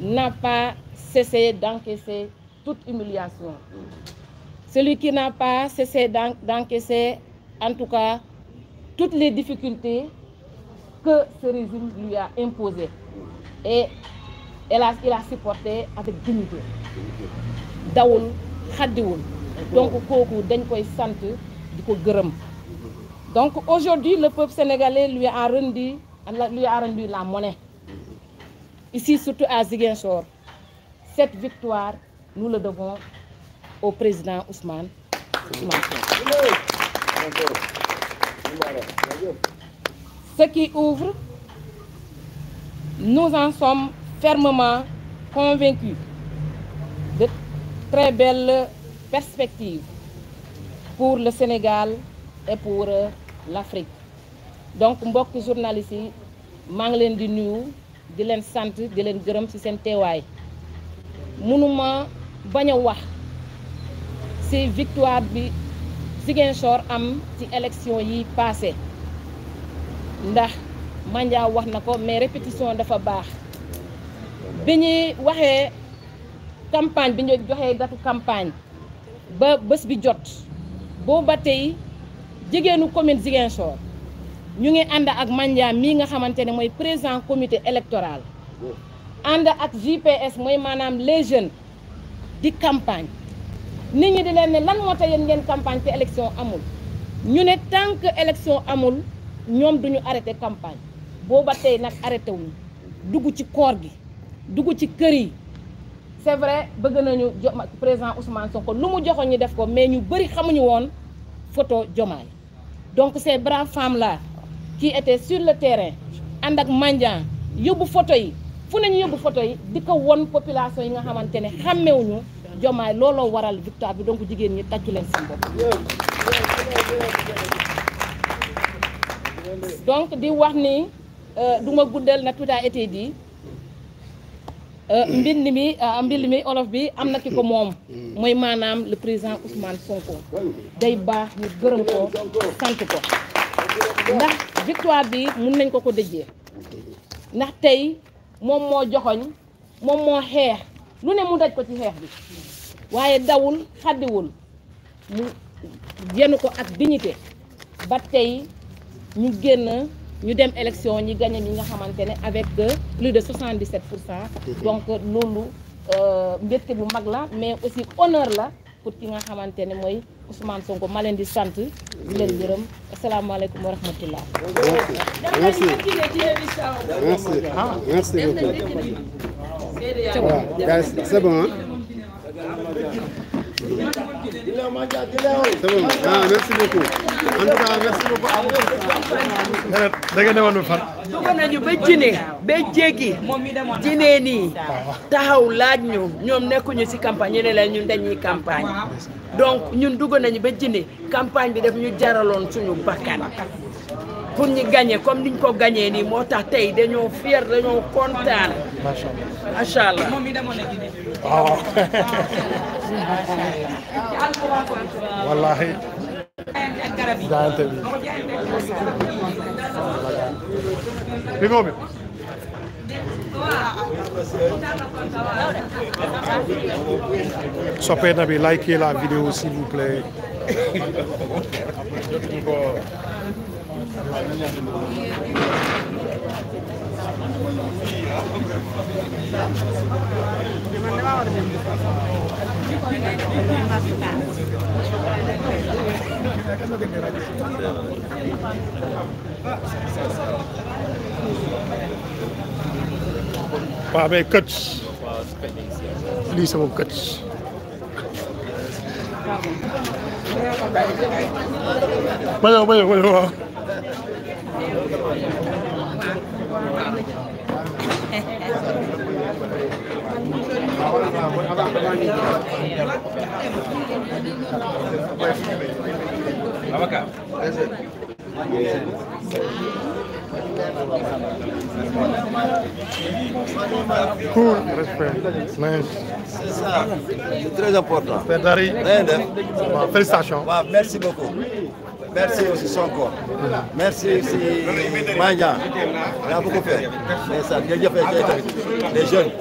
n'a pas cessé d'encaisser toute humiliation. Celui qui n'a pas cessé d'encaisser, en tout cas, toutes les difficultés que ce régime lui a imposées. Et elle a, il a supporté avec dignité. Daoul, Khadiwoul. Donc, Koku, Denkoy Sante, Diko Grum. Donc, aujourd'hui, le peuple sénégalais lui a rendu, la monnaie. ici surtout à Ziguinchor. Cette victoire, nous le devons au président Ousmane. Ousmane. Ce qui ouvre, nous en sommes fermement convaincus de très belles perspectives pour le Sénégal et pour euh, l'Afrique donc mbokk journaliste yi maa ngi leen di nuyu di leen sant di leen gërëm ci seen teewaay mënuma bañ a wax ci victoire bi Ziguinchor am ci élection yi passé ndax Mandiaye wax na ko mais répétition dafa baax bi ñuy waxee campagne bi ñu joxee datu campagne ba bés bi jot booba tey jigéenu commune Ziguinchor ñu ngi ànd ak Mandiam mii nga xamante ne mooy président comité électoral ànd ak JPS mooy maanaam les jeunes di campagne nit ñi di leen ne lan moo tax yéen ngeen campagne te élection amul ñu ne tànk que amul ñoom duñu arrêté campagne booba tey nag arrêté wuñu dugg ci koor gi dugg ci kër yi c'est vrai bëgg nañu jo président Ousmane ko lu mu joxoon ñu def ko mais ñu bëri xamuñu woon photo Diomaye donc ces braves femmes là kii était sur le terrain ànd ak mendiant yóbbu photo yi fu nañu yóbbu photo yi di ko won population yi nga xamante ne xàmmewuñu jomaay looloo waral victoire bi donc jigéen ñi tàcc leen seen di wax ni euh, duma ma guddal na tout a été dit euh, mbind mi euh, mbind mi olof bi am na ki ko moom mooy maanaam le président Ousmane Sonko day baax ñu gërëm sant ko ndax victoire bi mun nañ ko ko dëjee ndax tey moom moo joxoñ moom moo xeex lu ne mu daj ko ci xeex bi waaye dawul xaddiwul mu yenn ko ak dignité ba tey ñu génn ñu dem élection ñi gagné ñi nga xamante ne avec plus de 77 pour cent donc loolu euh, mbégte bu mag la mais aussi honneur la pour ki nga xamante ne mooy Ousmane Sonko ma leen di sant di leen gërëm asalaamaaleykum wa rahmatullah merci merci beaucoup waaw c'est bon ah merci beaucoup en tout cas merci beaucoup à ne nañu ba jine ba jéggi jine nii taxaw laaj ñu ñoom nekkuñu si campagne ñu ne la ñun dañuy campagne donc ñun dugg nañu ba jine campagne bi daf ñu jaraloon suñu bakkan. pour ñu gagné comme niñ ko gagné nii moo tax tey dañoo fier dañoo kontaan. macha allah macha allah. moom mi demoon na Guinée. waaw. Ah. wallaahi. jaayante bi. bi waaw mais kët lii sama kët ma ñëw ma ñëw ma ñëw waaw Abaka. That's it. cool respect c'est très important. Père Dari na ngeen def. merci beaucoup. merci aussi Sonko. merci si Mandiang. yaa ngi ko ko fay. mais ça nga jëfee tey les jeunes.